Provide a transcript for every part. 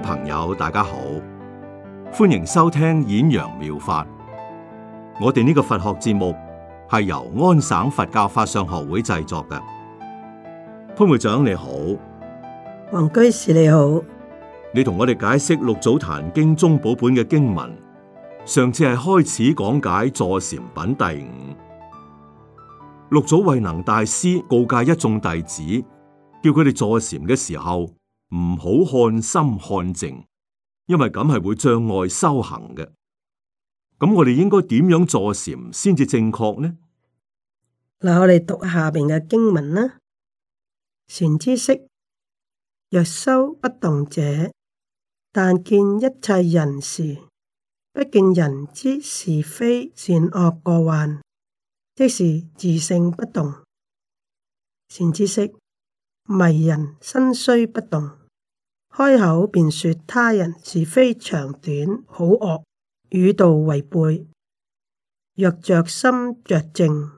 朋友，大家好，歡迎收聽演揚妙，妙法。我哋呢個佛學節目係由安省佛教法相學會製作嘅。潘會長你好，黃居士你好，你同我哋解釋六祖壇經中宗寶本嘅經文。上次係開始講解坐禪品第五，六祖慧能大師告誡一眾弟子，叫佢哋坐禪嘅時候，唔好看心看靜，因為咁係會障礙修行嘅。咁我哋應該點樣坐禪先至正確呢？嗱，我哋讀下邊嘅經文啦。善知識，若修不動者，但見一切人事，不見人之是非善惡過患，即是自性不動。善知識。迷人身雖不動，開口便說他人是非長短、好惡，與道違背。若着心着淨，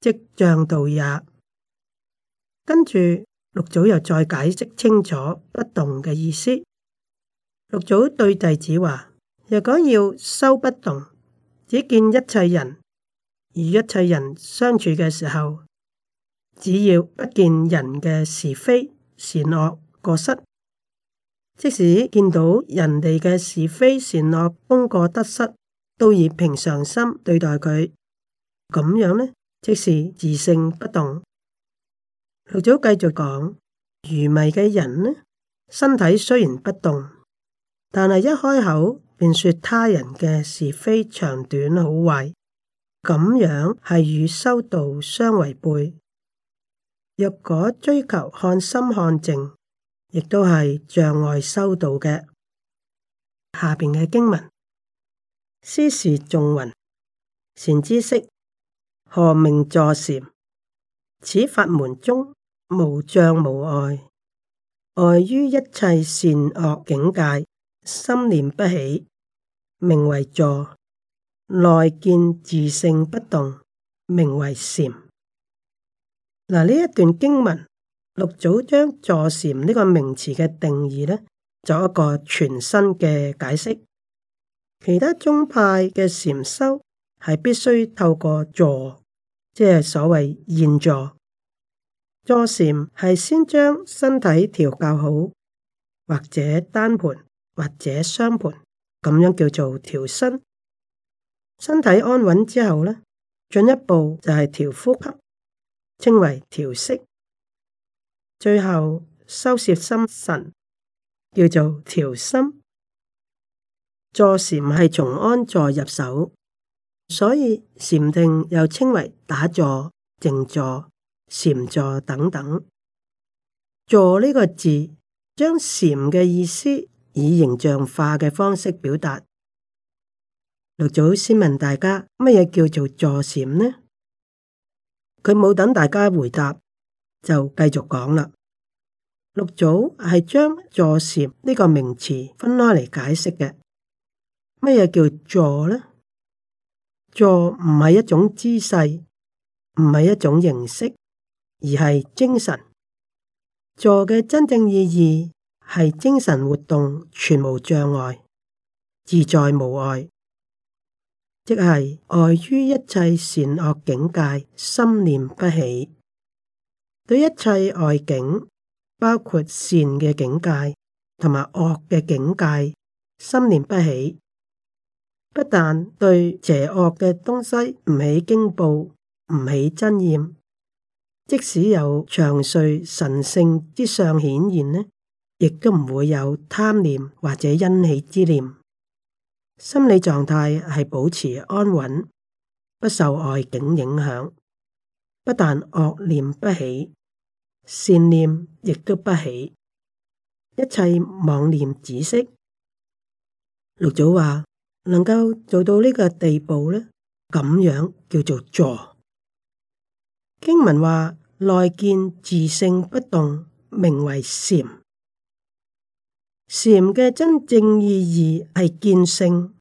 即障道也。跟住六祖又再解釋清楚不動嘅意思。六祖對弟子話：若果要修不動，只見一切人與一切人相處嘅時候。只要不見人嘅是非善惡過失，即使見到人哋嘅是非善惡功過得失，都以平常心對待佢。咁樣呢，即是自性不動。六祖繼續講：愚昧嘅人呢，身體雖然不動，但係一開口便說他人嘅是非長短好壞，咁樣係與修道相違背。若果追求看心看淨，亦都係障礙修道嘅。下邊嘅經文：師示眾云，善知識，何名坐禪？此法門中無障無礙，礙於一切善惡境界，心念不起，名為坐；內見自性不動，名為禪。嗱，呢一段經文，六祖將坐禪呢個名詞嘅定義呢，做一個全新嘅解釋。其他宗派嘅禪修係必須透過坐，即係所謂現坐。坐禪係先將身體調教好，或者單盤，或者雙盤，咁樣叫做調身。身體安穩之後呢，進一步就係調呼吸。稱為調息，最後收攝心神，叫做調心。坐禪係從安坐入手，所以禪定又稱為打坐、靜坐、禪坐等等。坐呢個字，將禪嘅意思以形象化嘅方式表達。六祖先問大家，乜嘢叫做坐禪呢？佢冇等大家回答，就繼續講啦。六祖係將坐禪呢個名詞分開嚟解釋嘅。乜嘢叫坐呢？坐唔係一種姿勢，唔係一種形式，而係精神。坐嘅真正意義係精神活動全無障礙，自在無礙。即係外於一切善惡境界，心念不起；對一切外境，包括善嘅境界同埋惡嘅境界，心念不起。不但對邪惡嘅東西唔起驚怖，唔起憎厭；即使有祥瑞神聖之相顯現呢，亦都唔會有貪念或者欣喜之念。心理狀態係保持安穩，不受外境影響，不但惡念不起，善念亦都不起，一切妄念止息。六祖話：能夠做到呢個地步呢，咁樣叫做坐。經文話：內見自性不動，名為禪。禪嘅真正意義係見性，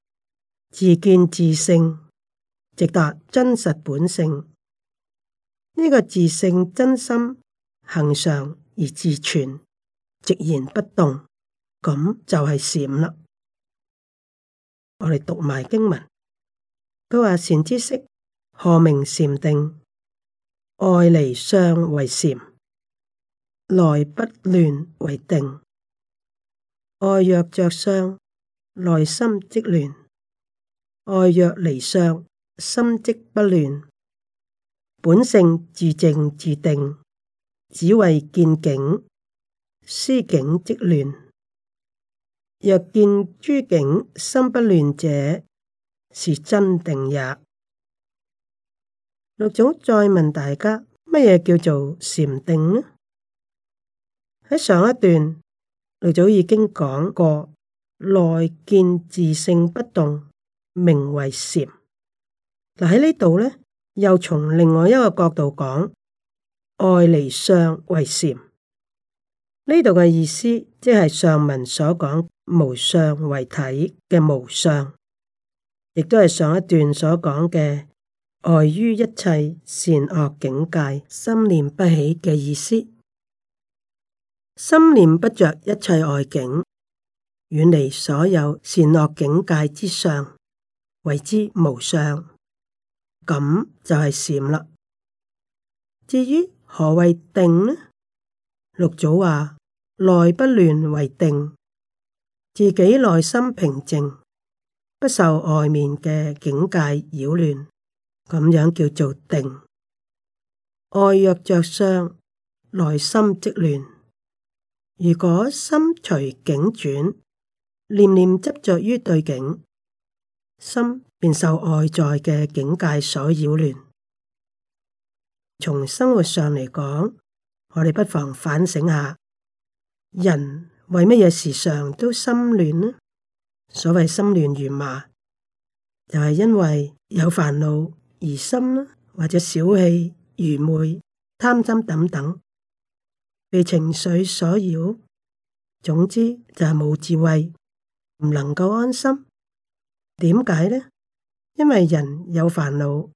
自見自性，直達真實本性。呢、這個自性真心恆常而自存，直言不動，咁就係禪啦。我哋讀埋經文，佢話善知識，何名禪定？外離相為禪，內不亂為定。愛若着相，內心即亂；愛若離相，心即不亂。本性自靜自定，只為見境，思境即亂。若見諸境心不亂者，是真定也。六祖再問大家：乜嘢叫做禪定呢？喺上一段。你早已經講過，內見自性不動，名為禪。嗱喺呢度呢，又從另外一個角度講，外離相為禪。呢度嘅意思，即係上文所講無相為體嘅無相，亦都係上一段所講嘅外於一切善惡境界，心念不起嘅意思。心念不着一切外境，遠離所有善惡境界之上，為之無相，咁就係禪啦。至於何謂定呢？六祖話：內不亂為定，自己內心平靜，不受外面嘅境界擾亂，咁樣叫做定。外若着相，內心即亂。如果心隨境轉，念念執着於對境，心便受外在嘅境界所擾亂。從生活上嚟講，我哋不妨反省下，人為乜嘢時常都心亂呢？所謂心亂如麻，就係、是、因為有煩惱而心或者小氣、愚昧、貪心等等。被情緒所擾，總之就係冇智慧，唔能夠安心。點解呢？因為人有煩惱，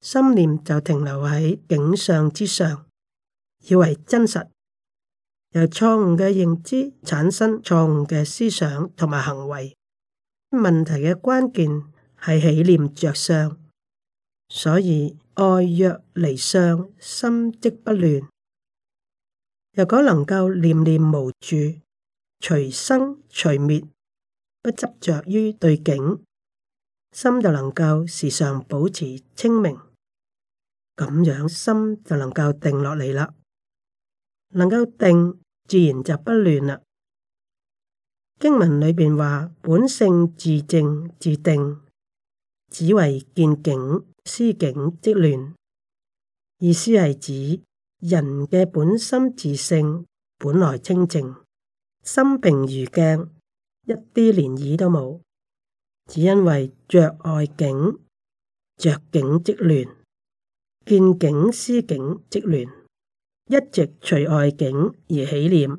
心念就停留喺景象之上，以為真實，由錯誤嘅認知產生錯誤嘅思想同埋行為。問題嘅關鍵係起念着相，所以愛若離相，心即不亂。若果能夠念念無住，隨生隨滅，不執着於對境，心就能夠時常保持清明，咁樣心就能夠定落嚟啦。能夠定，自然就不亂啦。經文裏邊話：本性自淨自定，只為見境思境即亂。意思係指。人嘅本心自性本來清淨，心平如鏡，一啲漣漪都冇。只因為着外境，着境即亂；見境思境即亂。一直隨外境而起念，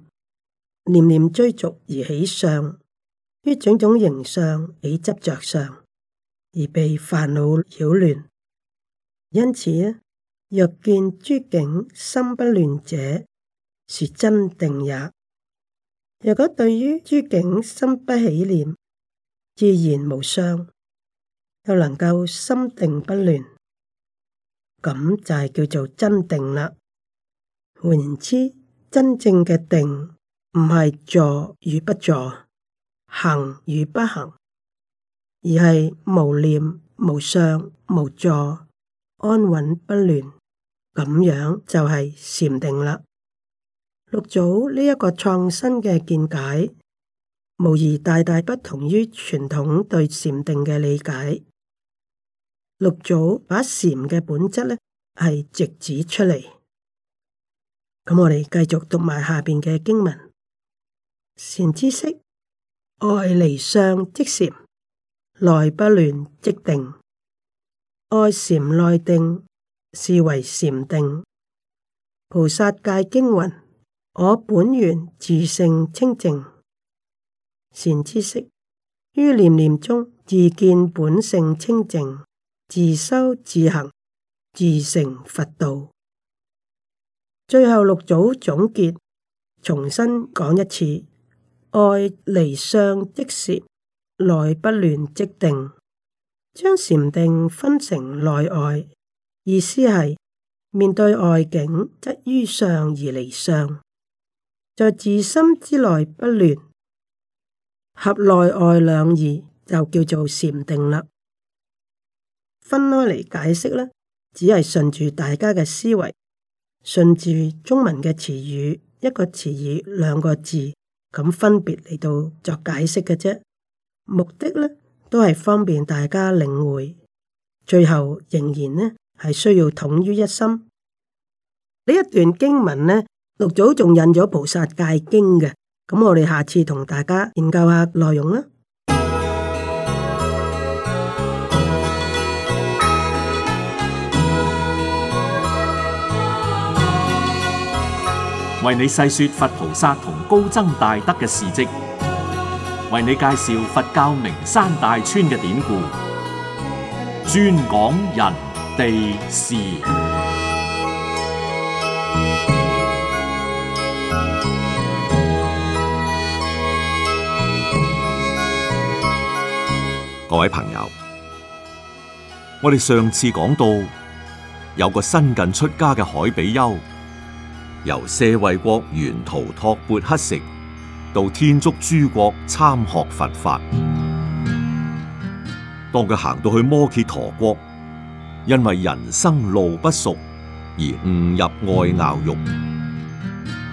念念追逐而起相，於種種形相起執着相，而被煩惱擾亂。因此若見諸境心不亂者，是真定也。如果對於諸境心不起念，自然無相，又能夠心定不亂，咁就係叫做真定啦。換言之，真正嘅定唔係坐與不坐，行與不行，而係無念、無相、無住。安穩不亂，咁樣就係禪定啦。六祖呢一個創新嘅見解，無疑大大不同於傳統對禪定嘅理解。六祖把禪嘅本質呢係直指出嚟。咁我哋繼續讀埋下邊嘅經文：善知識，愛離相即禪，內不亂即定。外禪內定，是為禪定。菩薩戒經云：我本願自性清淨，善知識，於念念中自見本性清淨，自修自行，自成佛道。最後六祖總結，重新講一次：外離相即禪，內不亂即定。將禪定分成內外，意思係面對外境，則於上而離上，在自心之內不亂，合內外兩義就叫做禪定啦。分開嚟解釋呢，只係順住大家嘅思維，順住中文嘅詞語，一個詞語兩個字咁分別嚟到作解釋嘅啫，目的呢。都係方便大家領會，最後仍然呢係需要統於一心。呢一段經文呢，六祖仲引咗《菩薩戒經》嘅，咁我哋下次同大家研究下內容啦。為你細說佛菩薩同高僧大德嘅事蹟。為你介紹佛教名山大川嘅典故，專講人地事。各位朋友，我哋上次講到有個新近出家嘅海比丘，由舍衛國沿途托缽乞食。到天竺諸國參學佛法，當佢行到去摩羯陀國，因為人生路不熟而誤入外牛獄，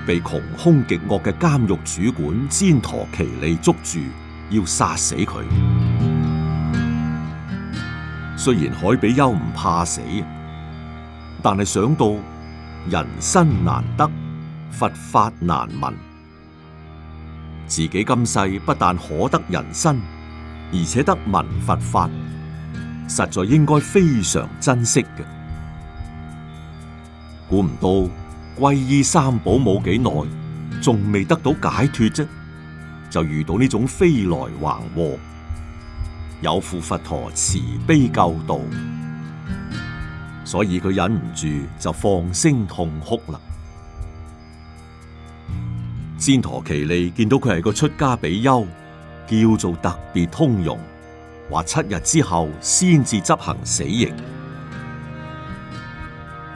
被窮凶極惡嘅監獄主管旃陀奇利捉住，要殺死佢。雖然海比丘唔怕死，但係想到人生難得，佛法難聞。自己今世不但可得人身，而且得聞佛法，實在應該非常珍惜嘅。估唔到皈依三寶冇幾耐，仲未得到解脱啫，就遇到呢種飛來橫禍，有負佛陀慈悲救度，所以佢忍唔住就放聲痛哭啦。仙陀奇利見到佢係個出家比丘，叫做特別通融，話七日之後先至執行死刑。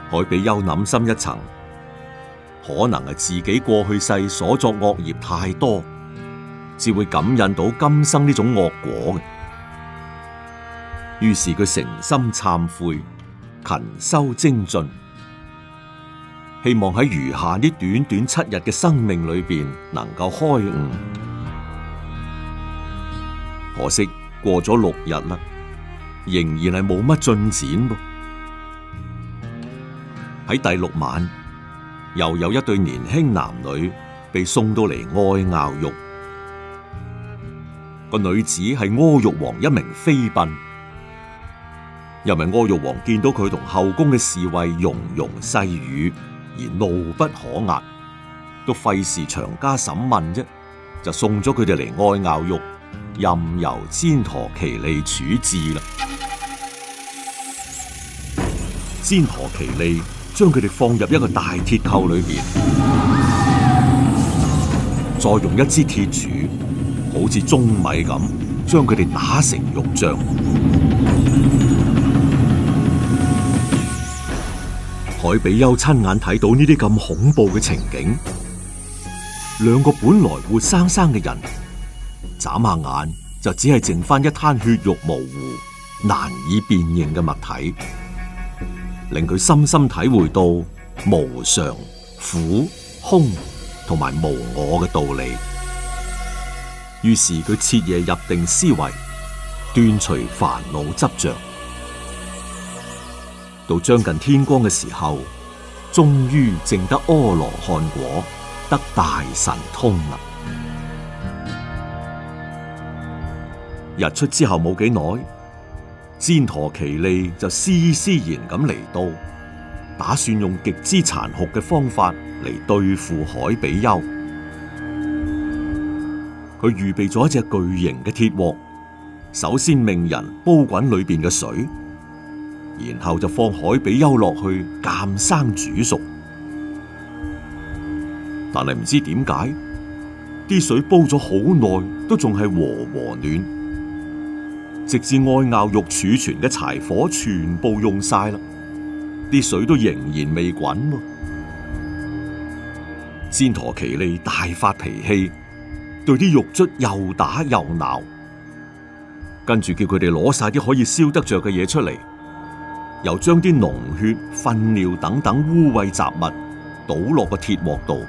海比丘諗深一層，可能係自己過去世所作惡業太多，至會感應到今生呢種惡果嘅。於是佢誠心懺悔，勤修精進。希望喺餘下呢短短七日嘅生命裏邊能夠開悟，可惜過咗六日啦，仍然係冇乜進展喎。喺第六晚，又有一對年輕男女被送到嚟愛咬肉，個女子係阿育王一名妃嬪，又係阿育王見到佢同後宮嘅侍衛喁喁細語，而怒不可遏，都費事長加審問啫，就送咗佢哋嚟愛咬肉，任由煎陀其利處置啦。煎陀其利將佢哋放入一個大鐵扣裏邊，再用一支鐵杵，好似舂米咁，將佢哋打成肉醬。海比丘親眼睇到呢啲咁恐怖嘅情景，兩個本來活生生嘅人，眨下眼就只係剩翻一灘血肉模糊、難以辨認嘅物體，令佢深深體會到無常、苦、空同埋無我嘅道理。於是佢徹夜入定思維，斷除煩惱執着。到將近天光嘅時候，終於證得阿羅漢果，得大神通啦。日出之後冇幾耐，旃陀奇利就絲絲然咁嚟到，打算用極之殘酷嘅方法嚟對付海比丘。佢預備咗一隻巨型嘅鐵鍋，首先命人煲滾裏面嘅水。然後就放海比丘落去鑒生煮熟，但係唔知點解啲水煲咗好耐都仲係和和暖，直至愛咬肉儲存嘅柴火全部用晒啦，啲水都仍然未滾。煎陀奇利大發脾氣，對啲肉卒又打又鬧，跟住叫佢哋攞晒啲可以燒得着嘅嘢出嚟。又將啲膿血、糞尿等等污穢雜物倒落個鐵鑊度，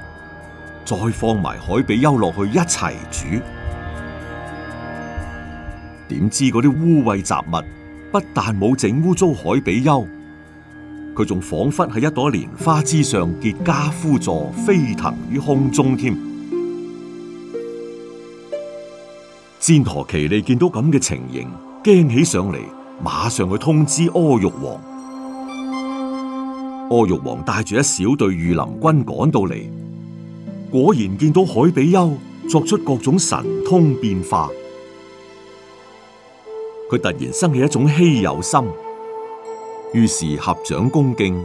再放埋海比丘落去一齊煮。點知嗰啲污穢雜物不但冇整污糟海比丘，佢仲仿佛喺一朵蓮花之上結跏趺坐，飛騰於空中添。旃陀奇利見到咁嘅情形，驚起上嚟，馬上去通知阿育王。柯玉皇帶住一小隊御林軍趕到嚟，果然見到海比丘作出各種神通變化。佢突然生起一種稀有心，於是合掌恭敬，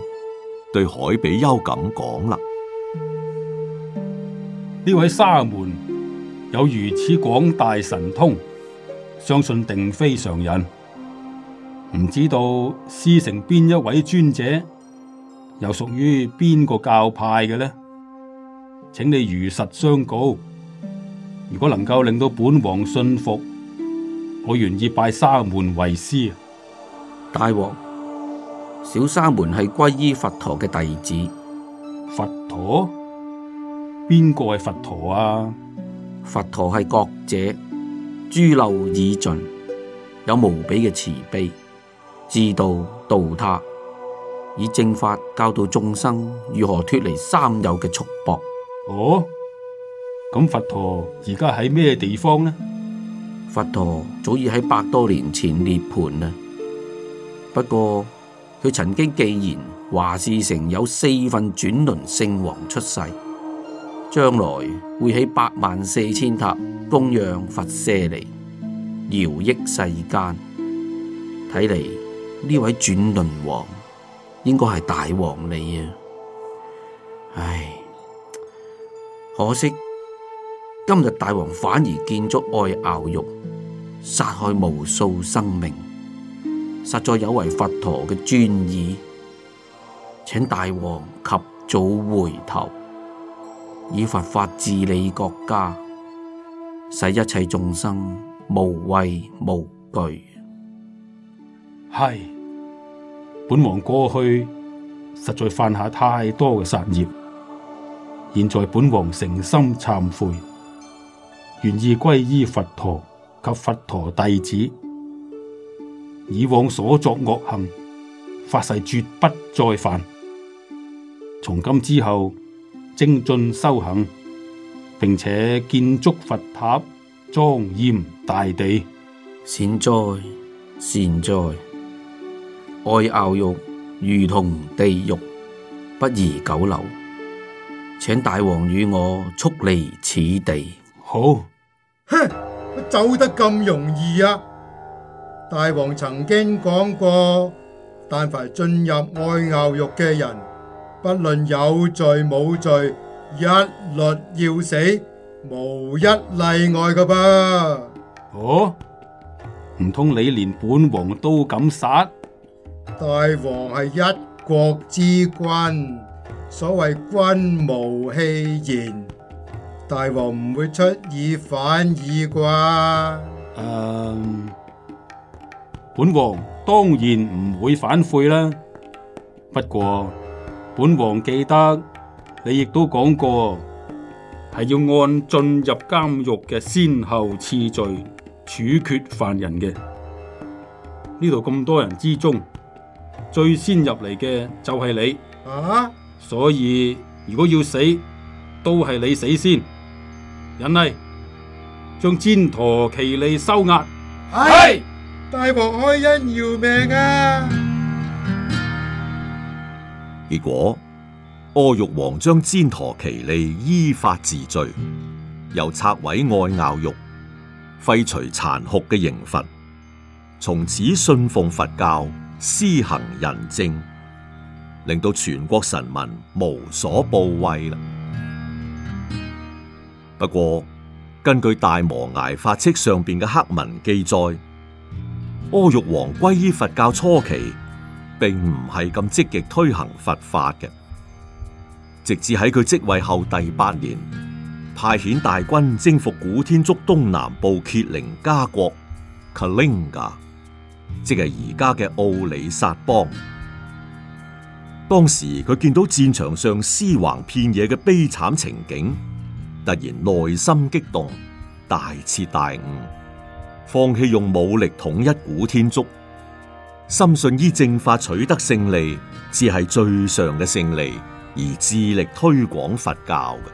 對海比丘咁講啦：呢位沙門有如此廣大神通，相信定非常人，唔知道師承邊一位尊者？又屬於邊個教派嘅呢？請你如實相告。如果能夠令到本王信服，我願意拜沙門為師。大王，小沙門係皈依佛陀嘅弟子。佛陀？邊個係佛陀啊？佛陀係覺者，諸漏已盡，有無比嘅慈悲，自度度他。以正法教導眾生如何脫離三有嘅束縛。哦，咁佛陀而家喺咩地方呢？佛陀早已喺百多年前涅槃啦。不過佢曾經記言華氏城有四份轉輪聖王出世，將來會起八萬四千塔供養佛舍利，饒益世間。睇嚟呢位轉輪王。應該係大王你啊！唉，可惜今日大王反而建築愛熬肉，殺害無數生命，實在有違佛陀嘅尊意。請大王及早回頭，以佛法治理國家，使一切眾生無畏無懼。係。本王過去實在犯下太多嘅殺業，現在本王誠心懺悔，願意皈依佛陀及佛陀弟子，以往所作惡行發誓絕不再犯，從今之後精進修行，並且建築佛塔莊嚴大地，善哉善哉。善哉愛牛肉如同地獄，不宜久留，請大王與我速離此地。好，哼，走得咁容易啊？大王曾經講過，但凡進入愛牛肉嘅人，不論有罪冇罪，一律要死，無一例外㗎噃。哦，唔通你連本王都敢殺？大王係一國之君，所謂君無戲言，大王唔會出爾反爾啩？Um, 本王當然唔會反悔啦。不過本王記得你亦都講過，係要按進入監獄嘅先後次序處決犯人嘅。呢度咁多人之中。最先入嚟嘅就係你，啊、所以如果要死，都係你死先。忍嚟，將旃陀奇利收押。係是是大王開恩饒命啊！結果阿玉王將旃陀奇利依法治罪，又拆毀外咬肉，廢除殘酷嘅刑罰，從此信奉佛教。施行仁政，令到全國臣民無所怖畏啦。不過，根據大摩崖法冊上邊嘅黑文記載，阿育王皈依佛教初期，並唔係咁積極推行佛法嘅。直至喺佢即位後第八年，派遣大軍征服古天竺東南部羯陵伽國。即係而家嘅奧里薩邦。當時佢見到戰場上屍橫遍野嘅悲慘情景，突然內心激動，大徹大悟，放棄用武力統一古天竺，深信以正法取得勝利，只係最上嘅勝利，而致力推廣佛教嘅。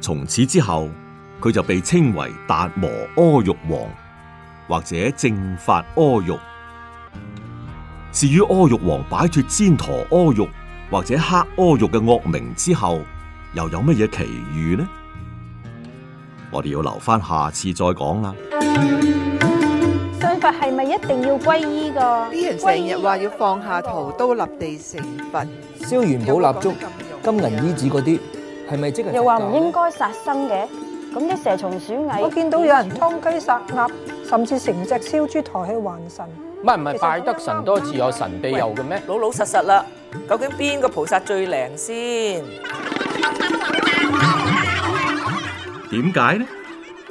從此之後，佢就被稱為達摩阿育王。或者正法阿育，至於阿育王擺脫旃陀阿育，或者黑阿育嘅惡名之後，又有乜嘢奇遇呢？我哋要留翻下，下次再講啦。修法係咪一定要皈依噶？啲人成日話要放下屠刀立地成佛，燒元寶蠟燭，有有金銀衣子嗰啲，係咪即係？又話唔應該殺生嘅，咁啲蛇蟲鼠蟻，我見到有人殺雞殺鴨。嗯甚至成隻燒豬抬起還神，唔係，唔係拜得神多自有神庇佑嘅咩？老老實實啦，究竟邊個菩薩最靈先？點解呢？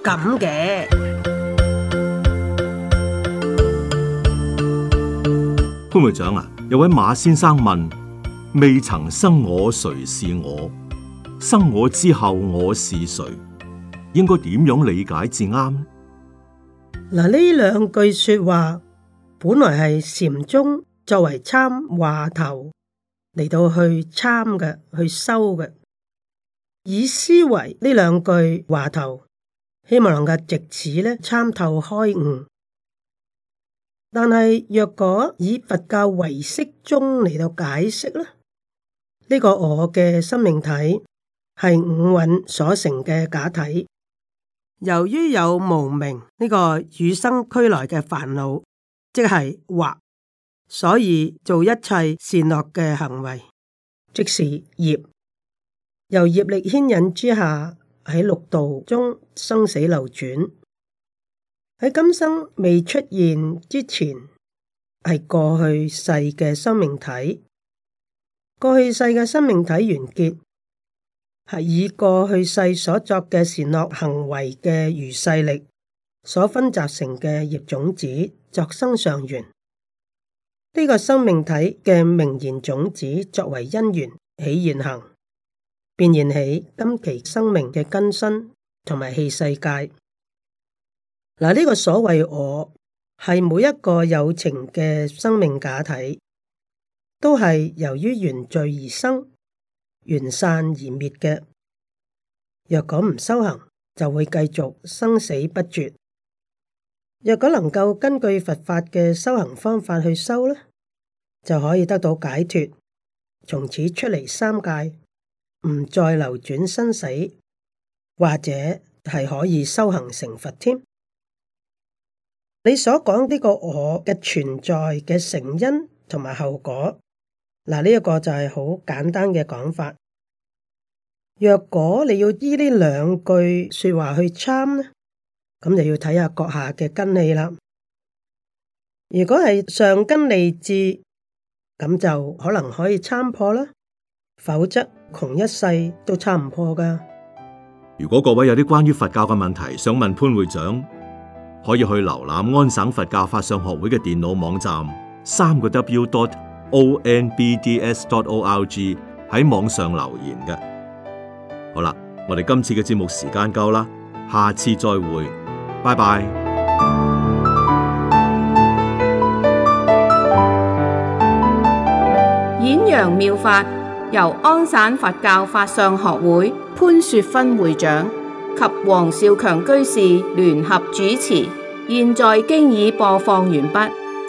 咁嘅，潘會長啊，有位馬先生問：未曾生我誰是我？生我之後我是誰？應該點樣理解至啱？嗱，呢兩句說話本來係禪宗作為參話頭嚟到去參嘅，去修嘅。以思維呢兩句話頭，希望能夠直此咧參透開悟。但係若果以佛教唯識宗嚟到解釋咧，呢、這個我嘅生命體，係五蘊所成嘅假體。由於有無明呢個與生俱來嘅煩惱，即係惑，所以做一切善惡嘅行為，即是業。由業力牽引之下，喺六道中生死流轉。喺今生未出現之前，係過去世嘅生命體。過去世嘅生命體完結。係以過去世所作嘅善惡行為嘅餘勢力，所分集成嘅業種子，作生上緣。呢、這個生命體嘅名言種子，作為因緣起現行，便現起今期生命嘅根身同埋器世界。嗱，呢個所謂我，係每一個有情嘅生命假體，都係由於原罪而生。緣散而滅嘅，若果唔修行，就會繼續生死不絕；若果能夠根據佛法嘅修行方法去修呢，就可以得到解脫，從此出嚟三界，唔再流轉生死，或者係可以修行成佛添。你所講呢個我嘅存在嘅成因同埋後果。嗱，呢一個就係好簡單嘅講法。若果你要依呢兩句說話去參呢，咁就要睇下閣下嘅根氣啦。如果係上根利智，咁就可能可以參破啦。否則窮一世都參唔破噶。如果各位有啲關於佛教嘅問題想問潘會長，可以去瀏覽安省佛教法相學會嘅電腦網站，三個 W dot。Onbds.org 喺網上留言嘅，好啦，我哋今次嘅節目時間夠啦，下次再會，拜拜。演揚妙法由安省佛教法相學會潘雪芬會長及黃少強居士聯合主持，現在經已播放完畢。